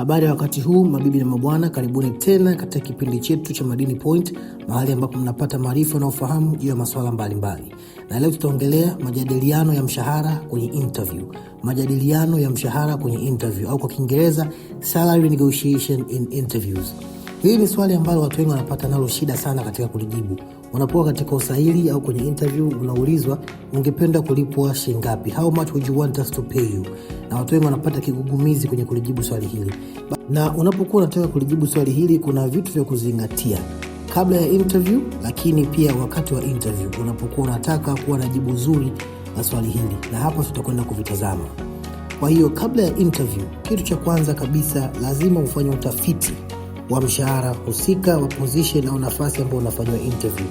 Habari ya wakati huu, mabibi na mabwana, karibuni tena katika kipindi chetu cha Madini Point, mahali ambapo mnapata maarifa na ufahamu juu ya masuala mbalimbali. Na leo tutaongelea majadiliano ya mshahara kwenye interview, majadiliano ya mshahara kwenye interview au kwa Kiingereza salary negotiation in interviews. Hili ni swali ambalo watu wengi wanapata nalo shida sana katika kulijibu. Unapokuwa katika usaili au kwenye interview, unaulizwa ungependa kulipwa shilingi ngapi, how much would you want us to pay you, na watu wengi wanapata kigugumizi kwenye kulijibu swali hili. Na unapokuwa unataka kulijibu swali hili, kuna vitu vya kuzingatia kabla ya interview, lakini pia wakati wa interview, unapokuwa unataka kuwa na jibu zuri la swali hili, na hapa tutakwenda kuvitazama. Kwa hiyo kabla ya interview, kitu cha kwanza kabisa lazima ufanye utafiti wa mshahara husika wa position au nafasi ambayo unafanyiwa interview.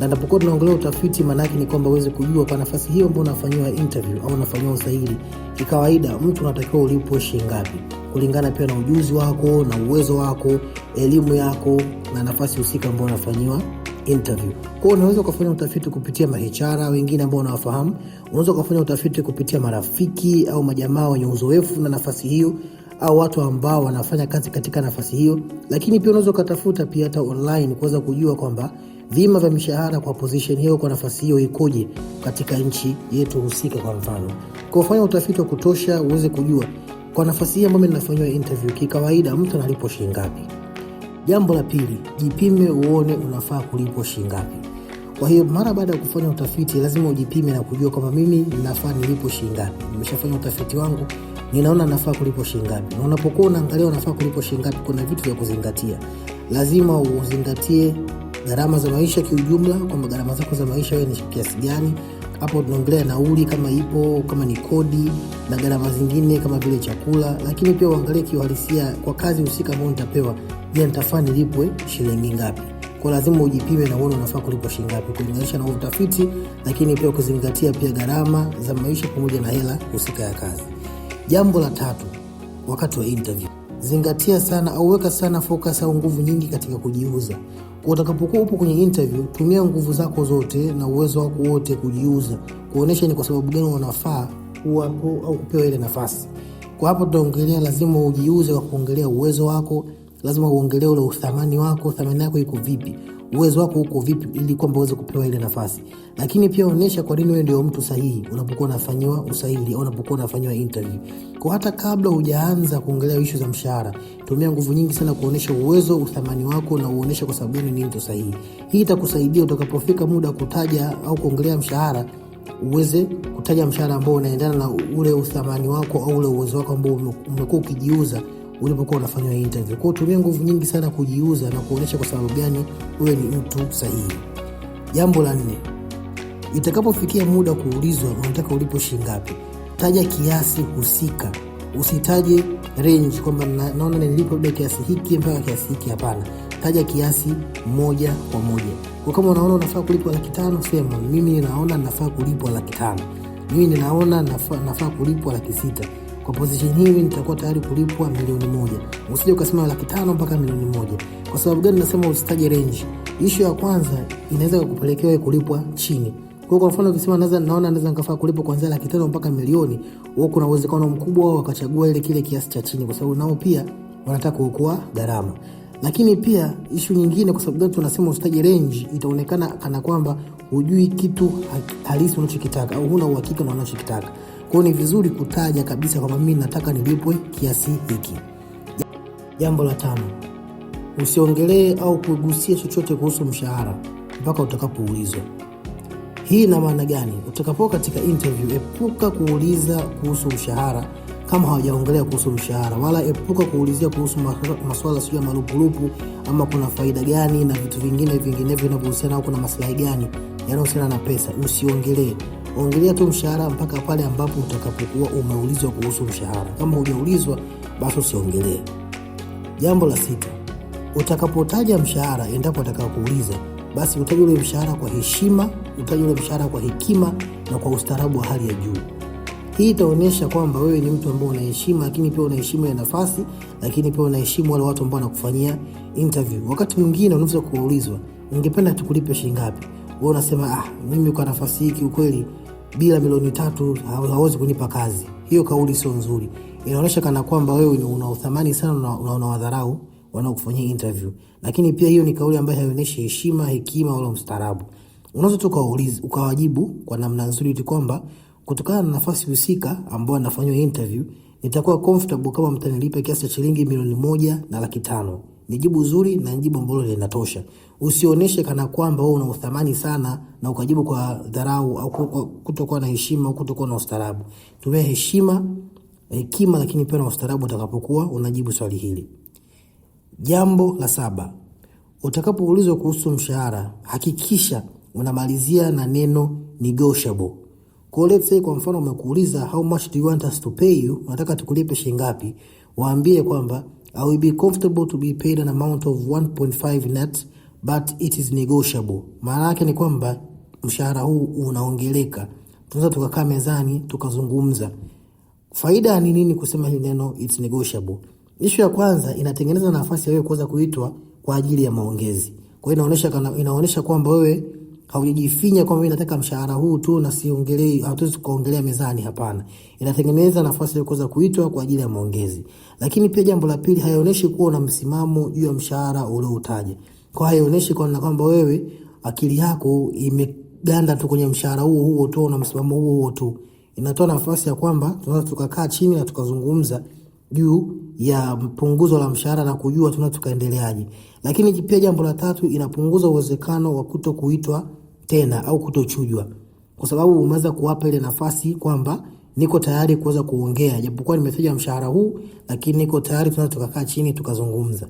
Na napokuwa tunaongelea utafiti, maana ni kwamba uweze kujua kwa nafasi hiyo ambayo unafanyiwa interview au unafanyiwa usaili, kikawaida mtu unatakiwa ulipwe shilingi ngapi, kulingana pia na ujuzi wako na uwezo wako, elimu yako na nafasi husika ambayo unafanyiwa interview. Kwa hiyo unaweza ukafanya utafiti kupitia mahichara wengine ambao unawafahamu, unaweza ukafanya utafiti kupitia marafiki au majamaa wenye uzoefu na nafasi hiyo au watu ambao wanafanya kazi katika nafasi hiyo, lakini pia unaweza ukatafuta pia hata online kuweza kujua kwamba vima vya mishahara kwa position hiyo kwa nafasi hiyo ikoje katika nchi yetu husika. Kwa mfano, kwa kufanya utafiti wa kutosha uweze kujua kwa nafasi hii ambayo ninafanyiwa interview, kikawaida mtu analipwa shilingi Jambo la pili, jipime uone unafaa kulipwa shilingi Kwa hiyo mara baada ya kufanya utafiti lazima ujipime na kujua kwamba mimi ninafaa nilipo shilingi Nimeshafanya utafiti wangu, ninaona nafaa kulipo shingapi. Na unapokuwa unaangalia unafaa kulipo shingapi, kuna vitu vya kuzingatia. Lazima uzingatie gharama za maisha kiujumla, kwamba gharama zako za maisha wewe ni kiasi gani. Hapo tunaongelea nauli kama ipo, kama ni kodi na gharama zingine kama vile chakula, lakini pia uangalie kiuhalisia kwa kazi husika ambayo nitapewa. Je, nitafaa nilipwe shilingi ngapi? Kwa lazima ujipime na uone unafaa kulipwa shilingi ngapi, kulinganisha na utafiti, lakini pia ukizingatia pia gharama za maisha pamoja na hela husika ya kazi. Jambo la tatu, wakati wa interview, zingatia sana au weka sana focus au nguvu nyingi katika kujiuza. Utakapokuwa upo kwenye interview, tumia nguvu zako zote na uwezo wako wote kujiuza, kuonesha ni kwa sababu gani wanafaa uwapo au kupewa ile nafasi. Kwa hapo tutaongelea, lazima ujiuze kwa kuongelea uwezo wako, lazima uongelee ule uthamani wako, thamani yako iko vipi uwezo wako uko vipi, ili kwamba uweze kupewa ile nafasi. Lakini pia onyesha kwa nini wewe ndio mtu sahihi unapokuwa unafanyiwa usaili au unapokuwa unafanyiwa interview. Kwa hata kabla hujaanza kuongelea ishu za mshahara, tumia nguvu nyingi sana kuonyesha uwezo, uthamani wako na uoneshe kwa sababu gani ni mtu sahihi. Hii itakusaidia utakapofika muda kutaja au kuongelea mshahara uweze kutaja mshahara ambao unaendana na ule uthamani wako au ule uwezo wako ambao umekuwa ukijiuza ulipokuwa unafanywa interview. Kwa hiyo nguvu nyingi sana kujiuza na kuonyesha kwa sababu gani wewe ni mtu sahihi. Jambo la nne, itakapofikia muda kuulizwa unataka ulipo shilingi ngapi, taja kiasi husika, usitaje range kwamba naona nilipo labda kiasi hiki mpaka kiasi hiki. Hapana, taja kiasi moja kwa moja. Kwa kama unaona unafaa kulipwa laki tano, sema mimi ninaona nafaa kulipwa laki tano, mimi ninaona nafaa kulipwa laki sita kwa position hii nitakuwa tayari kulipwa milioni moja. Usije ukasema laki tano mpaka milioni moja. Kwa sababu gani nasema usitaje range? Issue ya kwanza inaweza kukupelekea kulipwa chini. Kwa kwa mfano ukisema naweza naona naweza nikafaa kulipwa kuanzia laki tano mpaka milioni, huo kuna uwezekano mkubwa wao wakachagua ile kile kiasi cha chini, kwa sababu nao pia wanataka kuokoa gharama. Lakini pia issue nyingine, kwa sababu gani tunasema usitaje range, itaonekana kana kwamba hujui kitu halisi unachokitaka au huna uhakika na unachokitaka. Kwa ni vizuri kutaja kabisa kwamba mimi nataka nilipwe kiasi hiki. Jambo la tano, usiongelee au kugusia chochote kuhusu mshahara mpaka utakapoulizwa. Hii ina maana gani? Utakapokuwa katika interview, epuka kuuliza kuhusu mshahara kama hawajaongelea kuhusu mshahara, wala epuka kuulizia kuhusu masuala sijui ya marupurupu ama kuna faida gani na vitu vingine vinginevyo vinavyohusiana au kuna maslahi gani yanayohusiana na pesa, usiongelee. Ongelea tu mshahara mpaka pale ambapo utakapokuwa umeulizwa kuhusu mshahara. Kama hujaulizwa, basi usiongelee. Jambo la sita, utakapotaja mshahara, endapo atakakuuliza, basi utaje ule mshahara kwa heshima, utaje ule mshahara kwa hekima na kwa ustaarabu wa hali ya juu. Hii itaonyesha kwamba wewe ni mtu ambaye unaheshima, lakini pia heshima ya nafasi, lakini pia heshima wale watu ambao wanakufanyia interview. Wakati mwingine unaweza kuulizwa, ningependa tukulipe shilingi ngapi? wewe unasema ah, mimi kwa nafasi hii kiukweli bila milioni tatu hawezi kunipa kazi. Hiyo kauli sio nzuri, inaonyesha kana kwamba wewe una uthamani sana na una, unawadharau wanaokufanyia interview, lakini pia hiyo ni kauli ambayo haionyeshi heshima, hekima wala mstaarabu. Unaweza tu ukawajibu kwa namna nzuri tu kwamba kutokana na nafasi husika ambayo anafanywa interview, nitakuwa comfortable kama mtanilipa kiasi cha shilingi milioni moja na laki tano. Ni jibu zuri na ni jibu ambalo linatosha. Usionyeshe kana kwamba wewe una uthamani sana na ukajibu kwa dharau au kutokuwa na heshima au kutokuwa na ustaarabu. Tumia heshima, hekima, lakini pia na ustaarabu utakapokuwa unajibu swali hili. Jambo la saba, utakapoulizwa kuhusu mshahara hakikisha unamalizia na neno negotiable. Kwa let's say kwa mfano umekuuliza how much do you want us to pay you, unataka tukulipe shilingi ngapi? Waambie kwamba I will be comfortable to be paid an amount of 1.5 net but it is negotiable. Maana yake ni kwamba mshahara huu unaongeleka, tunaweza tukakaa mezani tukazungumza. Faida ni nini kusema hili neno it's negotiable? Ishu ya kwanza inatengeneza nafasi ya wewe kuweza kuitwa kwa ajili ya maongezi. Kwa hiyo inaonyesha kwamba wewe haujajifinya kwamba mimi nataka mshahara huu tu na siongelei, hatuwezi kuongelea mezani. Hapana, inatengeneza nafasi ya kuweza kuitwa kwa ajili ya maongezi. Lakini pia jambo la pili, haionyeshi kuwa na msimamo juu ya mshahara ulioutaja, kwa hiyo haionyeshi kwa kwamba wewe akili yako imeganda tu kwenye mshahara huo huo tu na msimamo huo huo tu. Inatoa nafasi ya kwamba tunaweza tukakaa chini na tukazungumza juu ya punguzo la mshahara na kujua tuna tukaendeleaje. Lakini pia jambo la tatu, inapunguza uwezekano wa kuto kuitwa tena au kutochujwa, kwa sababu umeweza kuwapa ile nafasi kwamba niko tayari kuweza kuongea, japokuwa nimetaja mshahara huu, lakini niko tayari, tunaweza tukakaa chini tukazungumza.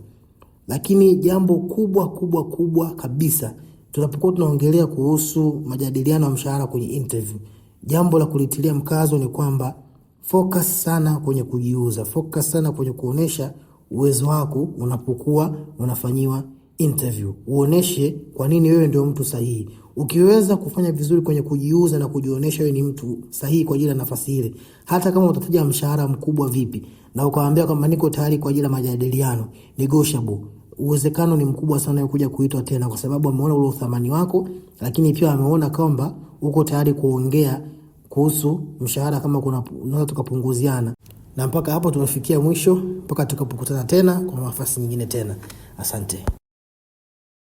Lakini jambo kubwa kubwa kubwa kabisa, tunapokuwa tunaongelea kuhusu majadiliano ya mshahara kwenye interview, jambo la kulitilia mkazo ni kwamba focus sana kwenye kujiuza, focus sana kwenye kuonesha uwezo wako unapokuwa unafanyiwa interview uoneshe kwa nini wewe ndio mtu sahihi. Ukiweza kufanya vizuri kwenye kujiuza na kujionyesha wewe ni mtu sahihi kwa ajili ya nafasi ile, hata kama utataja mshahara mkubwa vipi, na ukawaambia kwamba niko tayari kwa ajili ya majadiliano negotiable, uwezekano ni mkubwa sana kuja kuitwa tena, kwa sababu ameona ule uthamani wako, lakini pia ameona kwamba uko tayari kuongea kuhusu mshahara kama kuna unaweza tukapunguziana. Na mpaka hapo tumefikia mwisho, mpaka tukapokutana tena kwa nafasi nyingine tena. Asante.